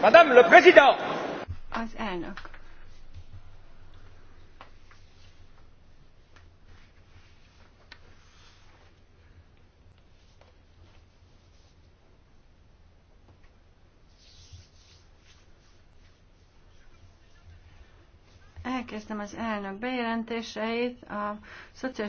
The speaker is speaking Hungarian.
Madame le Président! Az elnök. Elkezdtem az elnök bejelentéseit. A szociális